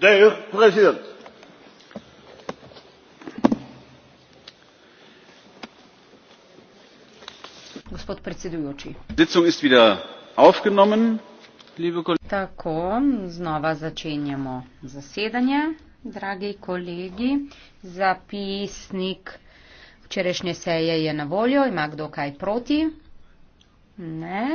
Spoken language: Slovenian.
D'ailleurs, président. Tako, znova začenjamo zasedanje. Dragi kolegi, zapisnik včerajšnje seje je na voljo. Ima kdo kaj proti? Ne.